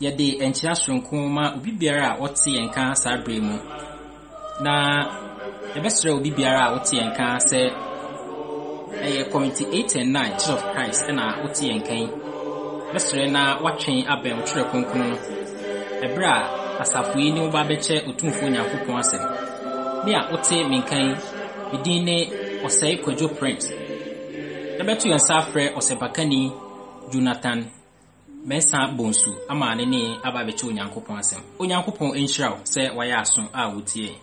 yɛde nkyea soronko ma obi biara a ɔte yɛn ka saa mu na yɛbɛsrɛ obi biara a ɔte yɛn ka sɛ ɛyɛ community eight and nine church of christ ɛna ɔte yɛn bɛsrɛ na woatwɛn abɛn twerɛ kronkron no ɛberɛ a asafo yi ne woba bɛkyɛ otumfuo nyankopɔn asɛm me a wote menkan medin ne ɔsɛe kwadwo prince yɛbɛto yɛn nsa afrɛ ɔsɛpakani jonathan mɛnsa bonsu ama ne ne aba bɛkyɛ onyankopɔn asɛm onyankopɔn nhyira wo sɛ wayɛ aso a wotiei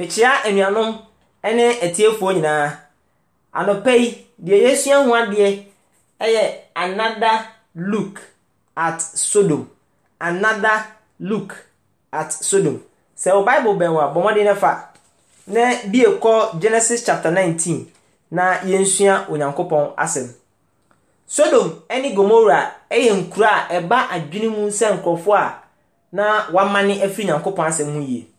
mekyia anuanom ne atiefoɔ nyinaa anɔpa yi deɛ yɛsua ho adeɛ yɛ another look at sodom another look at sodom sɛ wo bible bɛn wɔ a bɔmmɔden no fa na bie kɔ genesis chapter 19 na yɛnsua onyankopɔn asɛm sodom ne gomora yɛ nkuro a ɛba adwene mu sɛ nkurɔfoɔ a na wɔamane afiri nyankopɔn asɛm ho yie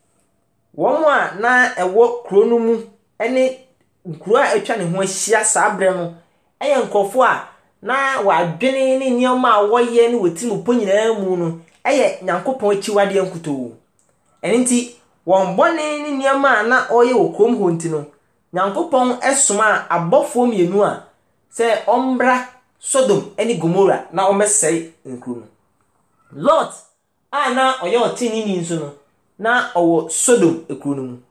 wɔn a na ɛwɔ kuro no mu ne nkuro a atwa ne ho ahyia saa berɛ no yɛ nkurɔfoɔ a na wɔadwene ne nneɛma a wɔyɛ ne wɔtirim po nyinaa mu no yɛ nyankopɔn akyiwadeɛ nkutoo ɛno nti wɔn bɔne ne nneɛma a na ɔreyɛ wɔ kurom hɔ nti no nyankopɔn soma abɔfoɔ mmienu a sɛ ɔmbra sodom gomora na nkuro no a na ɔyɛ nso no na ɔwɔ sodom kuro no mu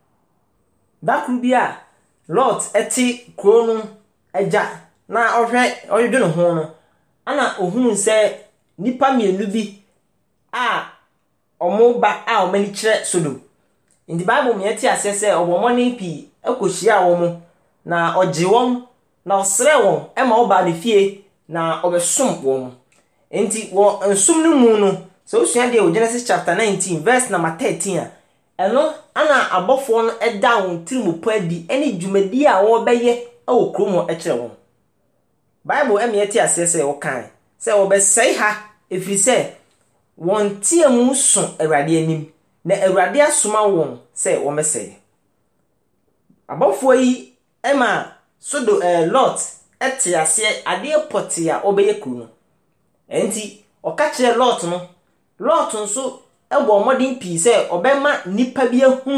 da bi a lot te kuro no agya na ɔhwɛ ɔdwedwe ne ho no ana ohunu sɛ nipa mmienu bi a ɔmo ba a ɔmo ani kyerɛ sodom nti bible mmeɛ ɛte aseɛ sɛ ɔbɔ mmɔne pii hyia wɔn na ɔgye wɔn na ɔsrɛ wɔn ɛma ɔba ne fie na ɔbɛsom wɔn nti wɔ nsom no mu no sɛ wosua deɛ wɔ genesis chapter a ɛno ana abɔfoɔ no da wɔn tirim po adi a wɔrebɛyɛ wɔ kurom kyerɛ wɔn bible te aseɛ sɛ wɔkan sɛ wɔbɛsɛe ha ɛfiri sɛ wɔn team so na awurade asoma wɔn sɛ wɔmɛsɛe abɔfoɔ yi ma sodo ɛɛ eh, lot te aseɛ adeɛ pɔtee a ɔbɛyɛ kuro no ɔka kyerɛ lọt nso bɔ mmɔden pii sɛ ɔbɛma nnipa bi ahu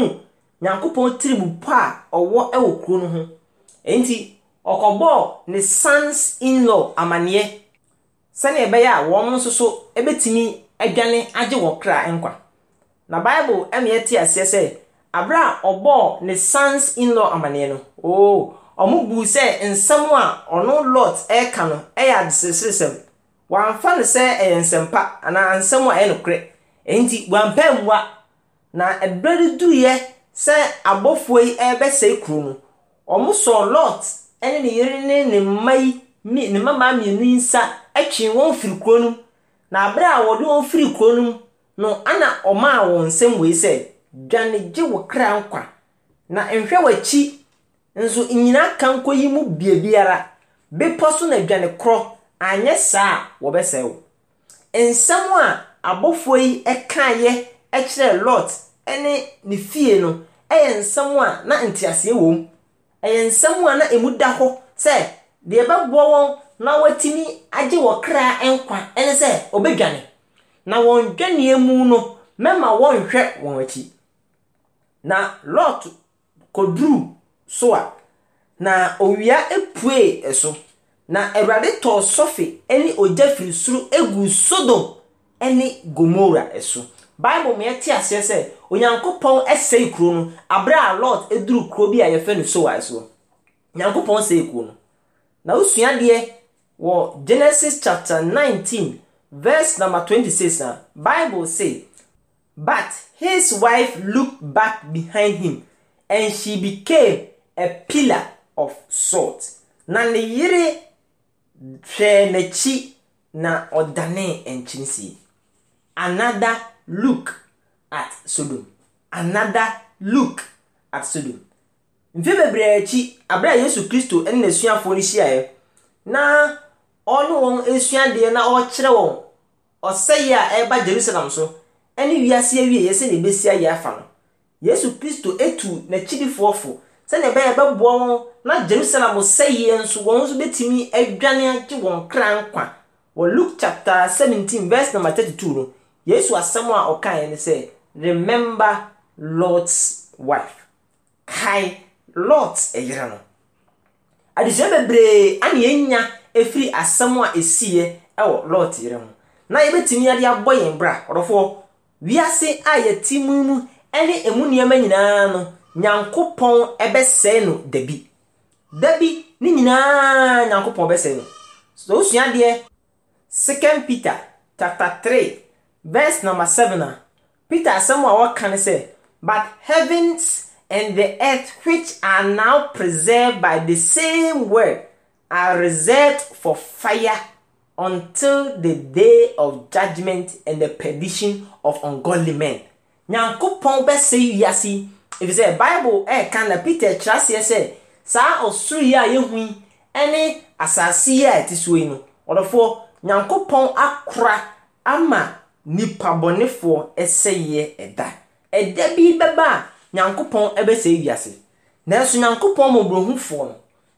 nyankopɔn tiribupo a ɔwɔ ɛwɔ kuro no ho nti ɔkɔbɔɔ ne sons in-law amanneɛ sani ɛbɛyɛ a wɔn nso so bɛtumi adwane agye wɔ kra nkwa na bible ma yɛte aseɛ sɛ abere a ɔbɔɔ ne sons in-law amanneɛ no oo ɔmo buu sɛ nsɛm a ɔno lot ɛreka no ɛyɛ adesresresɛm wɔamfa no sɛ ɛyɛ nsɛmpa anaa nsɛm a ɛyɛ nokorɛ nti wɔampɛ mmoa na ɛberɛ no duruiɛ sɛ abɔfoɔ yi ɛrebɛsɛe kuro no ɔmosɔɔ lɔt ne ne yere ne ne mma yi ne mmamaa mmienu yi nsa atwe wɔn firi kuro no mu na aberɛ a wɔde wɔn firi kuro no mu no ana ɔmaa wɔn nsɛm wei sɛ dwane gye wo kra nkwa na nhwɛ w'akyi nso nyinaa ka yi mu bie biara bepɔ so na dwane korɔ anyɛ saa a wɔbɛsɛe wo nsɛm a abɔfoɔ yi kaeɛ kyerɛ lot ne ne fie no yɛ nsɛm a na nteaseɛ wɔ m ɛyɛ nsɛm a na emu da hɔ sɛ deɛ ɛbɛboa wɔn na wɔatumi agye wɔ kra nkwa ne sɛ ɔbɛdwane na wɔn dwaneɛ mu no mɛma wɔnhwɛ wɔn akyi na lot kɔduruu so a na owia puee so na awurade tɔɔ sɔfe ne ogya firi soro egu sodom ne gomora so bible mu yɛte aseɛ sɛ onyankopɔn sɛe kuro no abere a lot duru kuro bi a yɛfɛ no sowa soɔ nyankopɔn sɛe kuro no na wosua deɛ wɔ genesis chapter nineteen, verse number twenty six na bible say but his wife looked back behind him and she became a pillar of salt na ne yere hwɛɛ n'akyi na ɔdanee nkyɛnsee another look at sodom another look at sodom mfe bebree akyi abere a yesu kristo ne n'asuafoɔ no hyiaeɛ na ɔne wɔn asuadeɛ na ɔrekyerɛ wɔn ɔsɛeɛ a ɛreba jerusalem so ne wiase awie yɛ sɛ ne ebesi afa no yesu kristo etu n'akyidifoɔ fo sɛdeɛ ɛbɛyɛ ɛbɛboa wɔn na jerusalem sɛyie nso wɔn nso bɛtumi adwane agye wɔn kra nkwa wɔ luke chapter seventeen verse number thirty two no yesu asɛm a ɔkaeɛ ne sɛ remember lord's wife kae lord ɛyere no adesua bebree ana yɛnya efiri asɛm a esiiɛ ɛwɔ lord yere ho na yɛbɛtumi ade abɔ yɛn bra ɔdɔfoɔ wiase a yɛte mu mu ɛne emu nneɛma nyinaa no nyankopɔn bɛsɛe no dabi dabi ne nyinaa nyankopɔn bɛsɛe no so osua deɛ second peter chapter three verse number seven a peter asɛm a wɔka ne sɛ but heavens and the earth which are now preserved by the same word are reserved for fire until the day of judgment and the perdition of ungodly men nyankopɔn bɛsɛe wiase efisɛ bible ɛɛka na peter kyerɛ aseɛ sɛ saa ɔsoro yi a yɛhu yi ɛne asase yi a ɛte soɔ yi no ɔdɔfoɔ nyankopɔn akora ama nipabɔnefoɔ ɛsɛyɛ ɛda ɛda bi bɛba a nyankopɔn ɛbɛsɛe wiase nanso nyankopɔn mmɔborɔhufoɔ no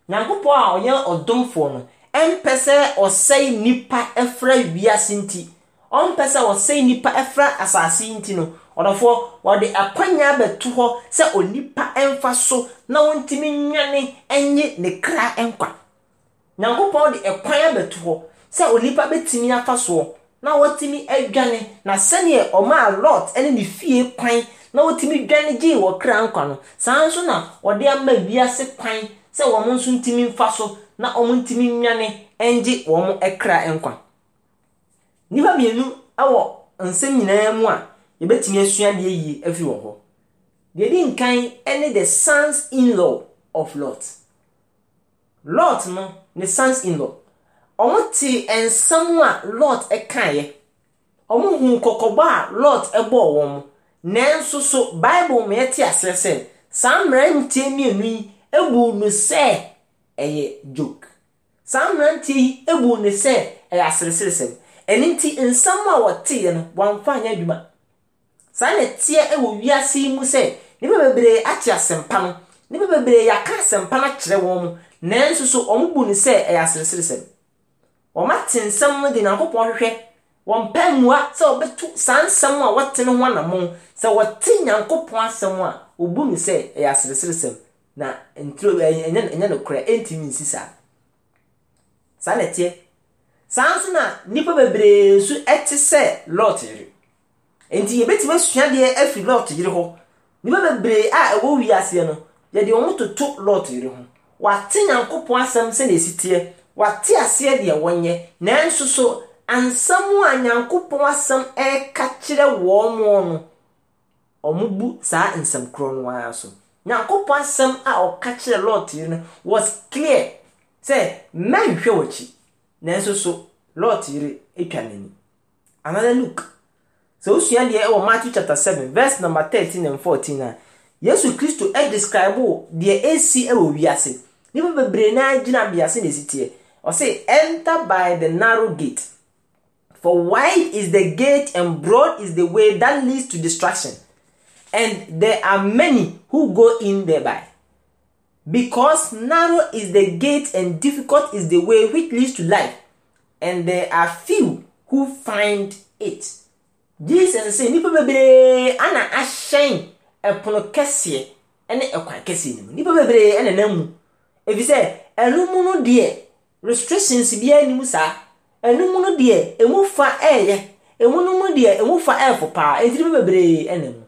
nyankopɔn a ɔyɛ ɔdomfoɔ no ɛmpɛ sɛ ɔsɛe nipa ɛfra wiase nti ɔmpɛ sɛ ɔsɛe nipa ɛfra asase nti no ɔdɔfoɔ wɔde akwanya bɛto hɔ sɛ onipa ɛmfa so na wɔntumi nnwane nye ne kra nkwa nyankopɔn de ɛkwan abɛto hɔ sɛ onipa bɛtumi afa soɔ na wɔtumi adwane na sɛneɛ ɔmaa lot ɛne ne fie kwan na wɔtumi dwane gyee wɔ kra nkwa no saa nso na wɔde ama wiase kwan sɛ wɔn nso ntumi mfa so na wɔn ntumi nnwane ɛngye wɔn kra nkwa nnipa mmienu ɛwɔ nsɛm nyinaa mu a yɛbɛtumi asua deɛ yie afiri wɔ hɔ deɛ di nkan ne the sons in law of lot lot no ne sons in law wɔn te nsɛm a lot kaeɛ wɔn hu kɔkɔbɔ a lot bɔɔ wɔn nanso so bible ma yɛte aseɛ sɛ saa mmeranteɛ mmienu yi ebu no sɛ ɛyɛ joke saa mmeranteɛ yi ebu no sɛ ɛyɛ aseresere sɛm ɛne nti nsɛm a wɔteɛ no wɔn afa anya adwuma saa na ɛteɛ wɔ wiase yi mu sɛ nnipa bebree ate asɛmpa no nnipa bebree yɛaka asɛmpa no akyerɛ wɔn mu nanso so wɔn bu no sɛ ɛyɛ asereseresɛm wɔn ate nsɛm no de nyankopɔn hwehwɛ wɔn pɛ sɛ wɔbɛtu saa nsɛm a wɔte no ho anamɔn sɛ wɔte nyankopɔn asɛm a wɔbu no sɛ ɛyɛ asereseresɛm na nturo ɛnyɛ ɛnyɛ no korɛ ɛntumi nsi saa saa na ɛteɛ saa nso na nnipa bebree nso ɛte sɛ lɔɔre nti yɛbɛtumi asua deɛ afiri lɔɔt yere hɔ nnipa bebree a ɛwɔ wiaseɛ no yɛde wɔn toto lɔɔt yere ho wate nyankopɔn asɛm sɛdeɛ ɛsi teɛ wate aseɛ deɛ wɔnyɛ nanso so ansɛm a nyankopɔn asɛm ɛreka kyerɛ wɔn no wɔn bu saa nsɛm korɔ no ara so nyankopɔn asɛm a ɔka kyerɛ lɔɔt yere no was clear sɛ mɛnhwɛ w'akyi nanso so lɔɔt yere atwa n'ani another look sɛ wosua deɛ ɛwɔ matthew chapter seven verse number thirteen and fourteen a yesu kristo ɛdescribe wo deɛ esi ɛwɔ wiase nipa bebree naa gyina wiase na esi teɛ ɔsi enter by the narrow gate for wide is the gate and broad is the way that leads to destruction and there are many who go in thereby because narrow is the gate and difficult is the way which leads to life and there are few who find it jesus sɛ nnipa bebree ana ahyɛn ɛpono kɛseɛ ne ɛkwan kɛseɛ no mu nnipa bebree na nam mu efisɛ ɛnum no deɛ restrictions biara nim saa ɛnum no deɛ emu fa ɛɛyɛ emu no mu deɛ emu fa ɛɛfo paa nti nnipa bebree na mu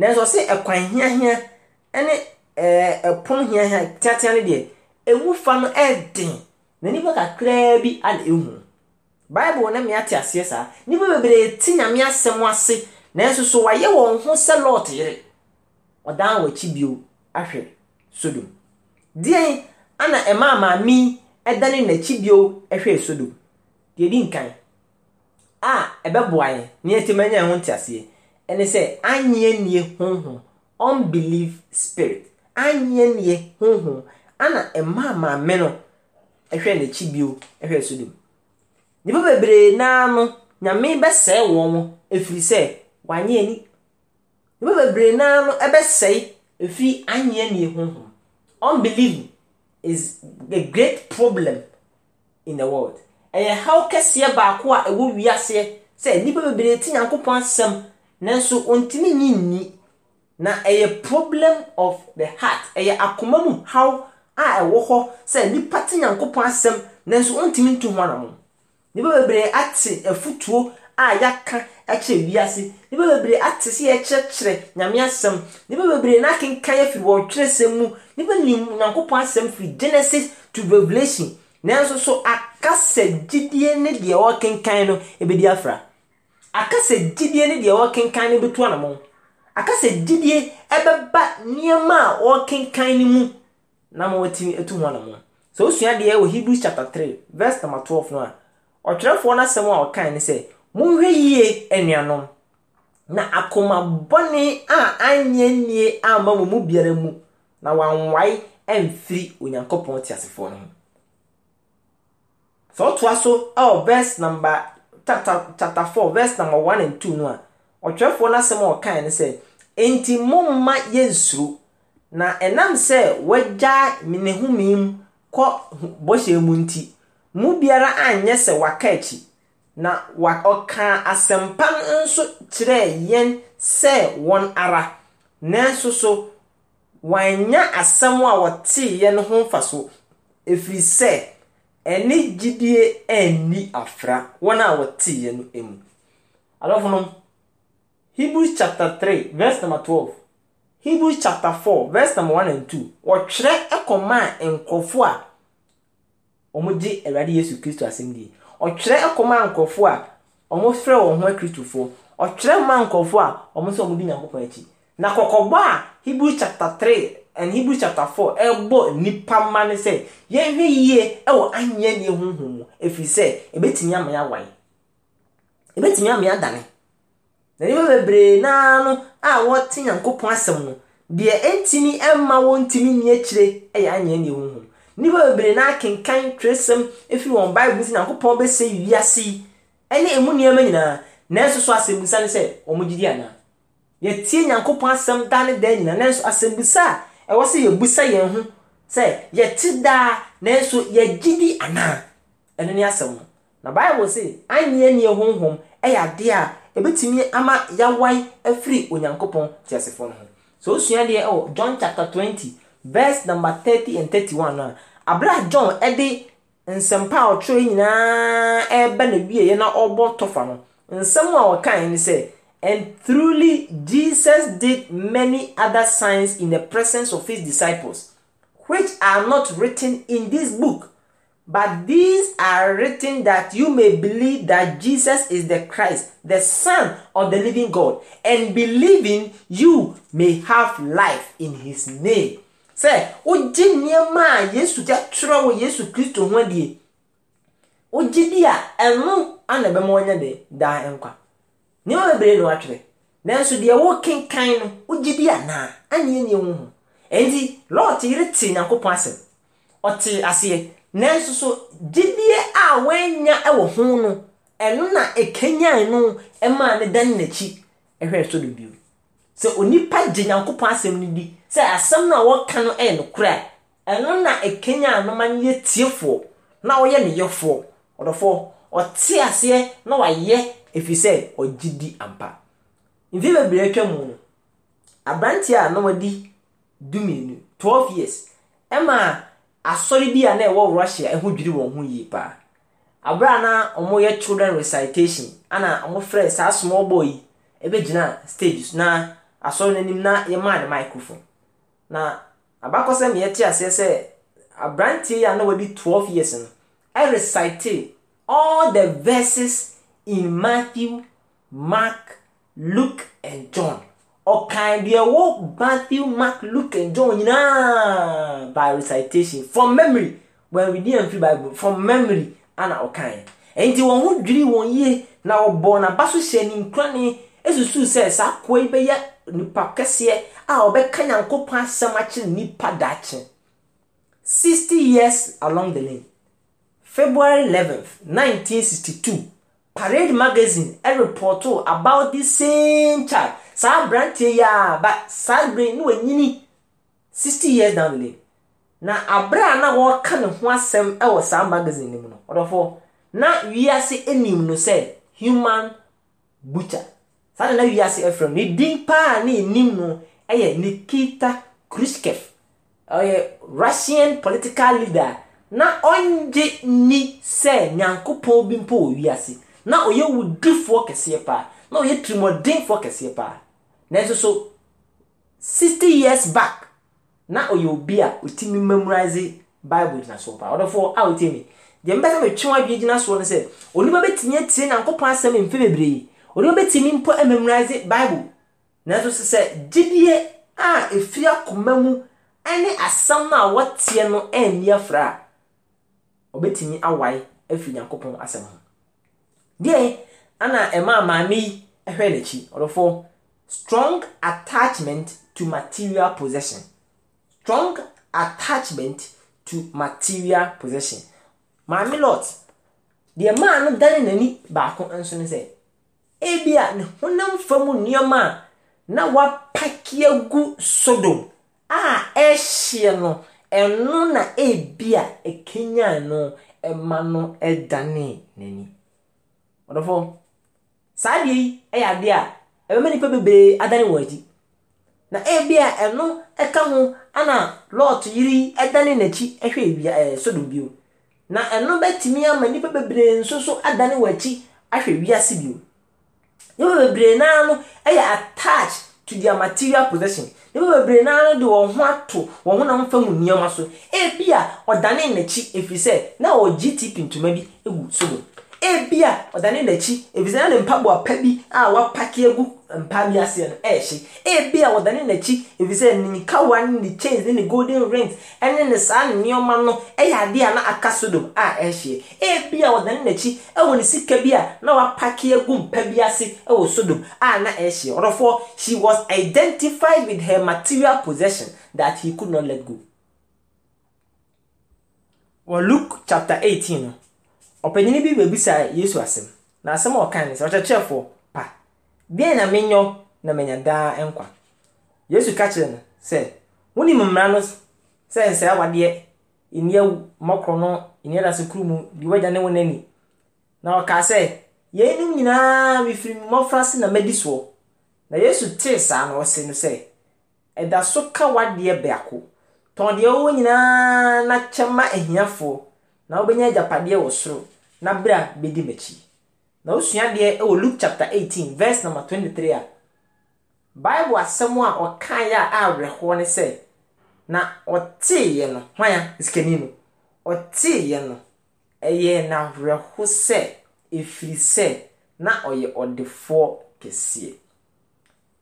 nanso ɔsɛ ɛkwan hiahia ne ɛɛ ɛpono hiahia teatea no deɛ emu fa no ɛɛden na nnipa kakraa bi ana ehu bible na mmea te aseɛ saa nnipa bebree ti nyame asɛm ase nanso so wayɛ wɔn ho sɛ lɔɔt yere ɔdan wɔakyi bio ahwɛ sodom deɛn ana ɛmaa maame ɛdane n'akyi bio ɛhwɛ sodom deɛ di nkan a ɛbɛboa yɛn ne yɛtɛm anya ho te aseɛ ɛne sɛ anyɛ honhom unbelief spirit anyɛ nie honhom ana ɛmaa maame no ɛhwɛ n'akyi bio ɛhwɛ sodom nnipa bebree naa nyame bɛsɛe wɔn ɛfiri sɛ wanyɛ ani nnipa bebree naa no ɛbɛsɛe anyɛ ani honhom unbelief is a great problem in the world ɛyɛ haw kɛseɛ baako a ɛwɔ wiaseɛ sɛ nnipa bebree te nyankopɔn asɛm nanso wɔntumi nyi nni na ɛyɛ problem of the heart ɛyɛ akoma mu haw a ɛwɔ hɔ sɛ nnipa te nyankopɔn asɛm nanso wɔntumi nto ho anamo nnipa bebree ate afutuo a yɛaka kyerɛ wiase nnipa bebree ate si yɛkyerɛkyerɛ nyame asɛm nnipa bebree n'akenkan afiri wɔn twerɛsɛm mu nnipa nim nyankopɔn asɛm firi genesis to revelation nanso so akasa gyidie ne deɛ wɔkenkan no ebedi afra akasa gyidie ne deɛ wɔkenkan no betu anamɔ akasa gyidie ɛbɛba nneɛma a wɔkenkan no mu na ma wɔtumi etu ho anamɔ so osua deɛ wɔ hebrews chapter three verse number twelve no a ɔtwerɛfoɔ no asɛm a ɔkae ne sɛ monhwɛ yie anuanom na akomabɔne a anyɛ nie ama mo mu biara mu na wanwae amfiri onyankopɔn teasefoɔ no ho sɛ ɔtoa so ɛwɔ verse number chapter chapter four verse number one and two no a ɔtwerɛfoɔ n'asɛm a ɔkae no sɛ nti momma yɛnsuro na ɛnam sɛ wagya ne ho mim kɔ bɔhyɛ mu nti mu biara anyɛ sɛ waka akyi na ɔkaa asɛmpa no nso kyerɛɛ yɛn sɛ wɔn ara nanso so wanyɛ asɛm a wɔteeɛ no ho mfaso ɛfiri sɛ ɛne gyidie anni afra wɔn a wɔteeɛ no mu adɔfonom hebrews chapter 3 verse number 12 hebrews chapter 4 verse number 1 and 2 wɔtwerɛ kɔmaa nkurɔfoɔ a wɔgye awurade yesu kristo asɛm die ɔtwerɛ kɔma a wɔn ho akristofoɔ ɔtwerɛ ma nkurɔfoɔ a wɔn sɛ na nyankopɔn akyi na kɔkɔbɔ a hebrew chapter three and hebrew chapter four ɛbɔ nipa ma no sɛ yɛhwɛ yie ɛwɔ anyɛ deɛ huhu mu efiri sɛ ebetumi ama ya awae ebetumi ama na nipa bebree naa a wɔte nyankopɔn asɛm no deɛ etimi ɛma nnipa bebree na akenkan twerɛsɛm efiri wɔn bible si nyankopɔn bɛsɛ wiase ɛne emu nneɛma nyinaa nanso so asɛmbusa ne sɛ wɔn gyi di ana yɛtie nyankopɔn asɛm daa ne daa nyinaa nanso asɛmbusa a ɛwɔ sɛ yɛbusa yɛn ho sɛ yɛte daa nanso yɛgye ana ɛno ne asɛm no na bible se anneɛ neɛ honhom ɛyɛ adeɛ a ebetumi ama yawan afiri onyankopɔn tiasefo no ho so osua deɛ ɛwɔ john chapter twenty. verse number thirty and thirty-one a abira john some power a ɔtwerɛ nyinaa ɛreba na all na ɔrebɔ tɔfa And nsɛm a ɔkae ne say, and truly jesus did many other signs in the presence of his disciples which are not written in this book but these are written that you may believe that jesus is the christ the son of the living god and believing you may have life in his name sɛ wogye nneɛma a yesu kyɛtwerɛ wɔ yesu kristo ho adie wogye di a ɛno ana bɛma wɔnyɛ de daa nkwa nneɛma bebree na watwerɛ nanso deɛ wokenkan no wogye di anaa anyɛnyɛ wo ho ɛnti lɔɔt yere te nyankopɔn asɛm ɔte aseɛ nanso so gyidie a wanya wɔ ho no ɛno na ɛkanyan no maa ne dan n'akyi ɛhwɛ sodom bio sɛ onipa gye nyankopɔn asɛm no di sɛ asɛm no a wɔka no ɛyɛ nokorɛ a ɛno na ɛkenya anoma no yɛ tiefoɔ na ɔyɛ ne yɛfoɔ ɔdɔfoɔ ɔte aseɛ na wayɛ ɛfiri sɛ ɔgye di ampa mfe bebree atwa mu no aberanteɛ a na wadi dumienu 12 years ɛma asɔre bi a na ɛwɔ russia ɛho dwiri wɔn ho yie paa abera na wɔyɛ children recitation ana wɔfrɛ saa small boy yi ɛbɛgyina stage na asɔre n'anim na yɛmaa ne microphone na abakɔ sɛ meɛ te aseɛ sɛ aberanteɛ yi a na wadi 12 years no ɛrecite all the verses in matthew mark luke and john ɔkan deɛ ɛwɔ matthew mark luke and john nyinaa by recitation from memory When we redi amfiri bible from memory ana ɔkan ɛnti wɔn ho dwiri wɔn yie na ɔbɔ n'aba so hyɛ ne nkura ne esusu sɛ saa kɔɛ bɛyɛ nipa kɛseɛ a ɔbɛka nyankopɔn asɛm akyerɛ nipa daakye sixty years along the line. february eleventh nineteen sixty two parade magazine ɛrepɔtɔ about the same child saa aberanteɛ yi a ba saa abere ne wanyini sixty years down the line. na abere a na wɔreka ne ho asɛm ɛwɔ saa magazine no mu no ɔdɔfoɔ na wiase anim no sɛ human butcher saa na na wiase afrɛ no ne din paa ne ɛnim no ɛyɛ nikita khrushchev ɔyɛ russian political leader na ɔngye ni sɛ nyankopɔn bi mpo wɔ wiase na ɔyɛ wudifoɔ kɛseɛ paa na ɔyɛ tirimɔdenfoɔ kɛseɛ paa nanso so sixty years back na ɔyɛ obi a ɔtumi memorize bible gyina soɔ paa ɔdɔfoɔ a ɔtumi deɛ mbɛsɛ mɛtwe adwene gyina soɔ no sɛ onipa bɛtumi atie nyankopɔn asɛm mfe bebree wɔde wɔbɛtumi mpo memorize bible nanso sɛ gyidie a ɛfiri akoma mu ne asɛm no a wɔteɛ no anni afra a wɔbɛtumi awae afiri nyankopɔn asɛm ho deɛ ana ɛmaa maame yi hwɛ n'akyi ɔdɔfoɔ strong attachment to material possession strong attachment to material possession maame lot deɛ maa no dane n'ani baako nso ne sɛ ebia ne honam fam nneɛma a na wapaki agu sodom a ɛhyeɛ no ɛno na ebia ɛkenyan no ɛma no ɛdane n'ani ɔdɔfo saa adeɛ yi ɛyɛ adeɛ a ɛbɛma nipa bebree adane wɔn akyi na ebia ɛno ɛka ho ana lɔɔt yiri ɛdane n'akyi ɛhwɛ ewia ɛɛ sodom bio na ɛno bɛtumi ama nipa bebree nso so adane wɔn akyi ahwɛ wiase bio. nnipa bebree nanụ no yɛ to their material possession nnipa bebree naa dị de wɔn ho wɔn na mfe fa mu nneɛma so ebi a ɔdane n'akyi na ɔgye gtp ntoma bi egu so ebi a ɔdane n'akyi efisɛ ne mpaboa pa bi a wapaki egu mpa bi aseɛ no ɛɛhye ebi a ɔdane n'akyi efisɛ ne kawa ne ne chains ne ne golden rings ɛne ne saa ne nneɛma no ɛyɛ adeɛ a na aka sodom a ɛɛhye ebi a ɔdane n'akyi ɛwɔ ne sika bi a na wapaki egu mpa bi ase ɛwɔ sodom a na ɛɛhye ɔrɔfoɔ she was identified with her material possession that he could not let go. wɔ luke chapter eighteen no ɔpanyin bi bebisa yesu asɛm na asɛm a ɔka ne sɛ ɔkyerɛkyerɛfoɔ pa deɛn na menyɔ na menya daa nkwa yesu ka kyerɛ no sɛ wonim mmara no sɛ nsɛe awadeɛ nni mmɔkorɔ no nni adasekuru mu deɛ wagya ne wo n'ani na ɔkaa sɛ yeinom nyinaa mefiri mmɔfra se na madi soɔ na yesu tee saa na ɔse no sɛ ɛda so ka wadeɛ baako tɔn deɛ ɔwɔ nyinaa na kyɛ ma ahiafoɔ na wobɛnya agyapadeɛ wɔ soro na berɛ a bɛdi m'akyi na wosua deɛ wɔ luke chapter 18 verse number 23 a bible asɛm a ɔkaeɛ a awerɛhoɔ ne sɛ na ɔteeɛ no hwan a sikani no ɔteeɛ no ɛyɛ n'awerɛho sɛ ɛfiri sɛ na ɔyɛ ɔdefoɔ kɛseɛ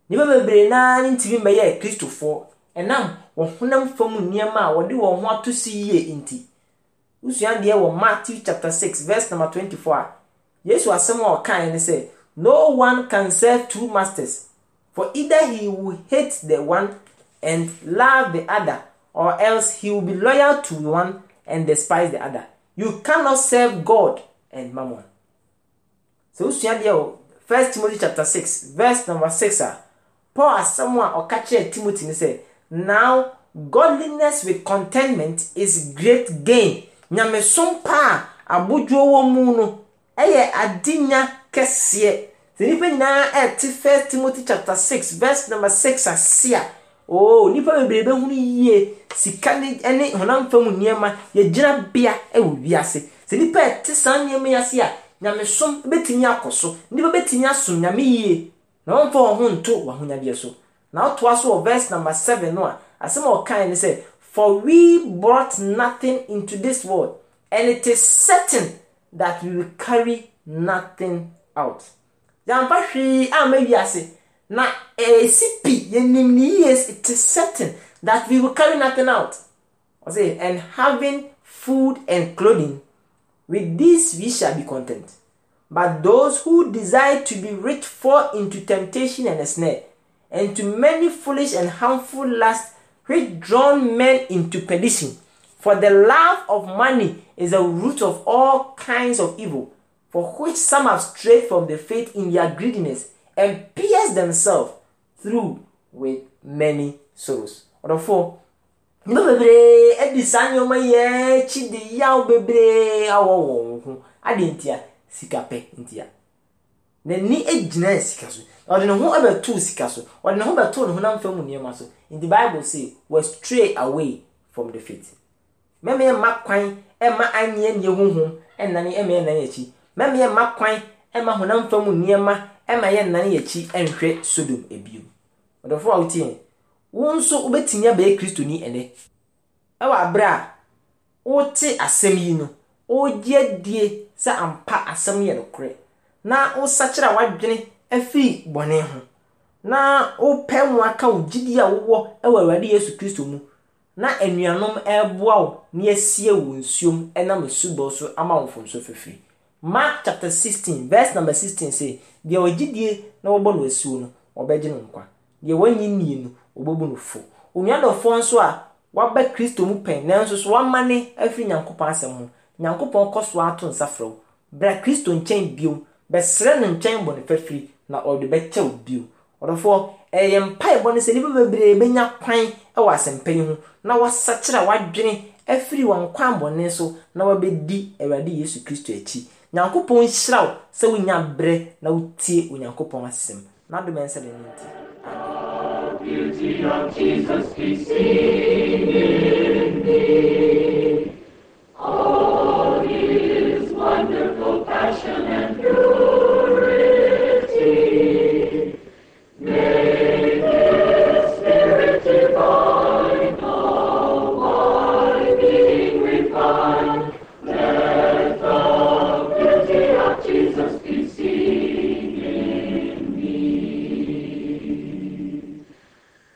nnipa bebree naa ne ntumi mbɛyɛ kristofoɔ ɛnam wɔhonam fam nneɛma a wɔde wɔn ho ato so yie nti wosua deɛ wɔ matthew chapter six verse number twenty-four a yesu asɛm a ɔkae ne sɛ no one can serve two masters for either he will hate the one and love the other or else he will be loyal to one and despise the other you cannot serve god and mammon So wosua deɛ wɔ first timothy chapter six verse number six a paul asɛm a ɔka kyerɛ timothy ne sɛ now godliness with contentment is great gain nyamesom pa a abodwo wɔ mu no yɛ adenya kɛseɛ sɛ nnipa nyinaa ɛte first timothy chapter six verse number six ase a oo nnipa bebree bɛhunu yie sika ne ne honam fam nneɛma yɛgyina bea wɔ wiase sɛ nnipa ɛte saa nneɛma yi ase a nyamesom bɛtumi akɔ so nnipa bɛtumi asom nyame yie na wɔmfa wɔn ho nto wɔn ahonya bi so na ɔtoa so wɔ verse number seven no a asɛm a ɔkae ne sɛ For we brought nothing into this world, and it is certain that we will carry nothing out. Yes, it is certain that we will carry nothing out and having food and clothing with this we shall be content but those who desire to be rich fall into temptation and a snare and to many foolish and harmful lusts which drawn men into perdition. For the love of money is the root of all kinds of evil, for which some have strayed from the faith in their greediness and pierced themselves through with many sorrows. Ɔdɔfo, nnipa bebree adi saa nneɛma yi akyi de yaw bebree awɔ wɔn ho. Adeɛ ntia, sika pɛ ntia n'ani gyina sika so ɔde ne ho abɛto sika so ɔde ne ho bɛto ne ho nam fam nneɛma so the bible say we stray away from the faith mɛmɛ mma kwan ɛma anyɛ nneɛ huhum ɛnane ɛma yɛ nane akyi mɛmɛ mma kwan ɛma honam fam nneɛma ɛma yɛ nane akyi ɛnhwɛ sodom ebio ɔdɔfo a wotie wo nso wobɛtumi abɛyɛ kristoni ɛnɛ ɛwɔ abere a wote asɛm yi no wogye adie sɛ ampa asɛm yɛ nokorɛ na wosakyere a wadwene afiri bɔne ho na wopɛ mu aka wo gyidi a wowɔ wɔ awurade yesu kristo mu na anuanom ɛreboa wo na yɛasie wo nsuom nam asubɔ so ama wo mfomso fifiri mark chapter 16 verse number 16 say deɛ wɔgyidie na wɔbɔ no asuo no wɔbɛgye no nkwa deɛ wɔnyi nie no wɔbɛbu no fo onuadɔfoɔ nso a waba kristo mu pɛn nanso so wama ne afiri nyankopɔn asɛm ho nyankopɔn kɔ so ato nsa frɛ wo bra kristo nkyɛn biom bɛsrɛ ne nkyɛn bɔ ne fafiri na ɔde bɛkyɛw bio ɔdɔfoɔ ɛyɛ mpaebɔ no sɛ nnipa bebree bɛnya kwan wɔ asɛmpa yi ho na wɔasakyerɛ a wɔadwene afiri wɔn kwan bɔne so na wɔbɛdi awurade yesu kristo akyi nyankopɔn nhyira wo sɛ wonya berɛ na wotie onyankopɔn asɛm na adom ɛnsɛ de no nti Beauty of Jesus be seen in me. All his wonderful passion.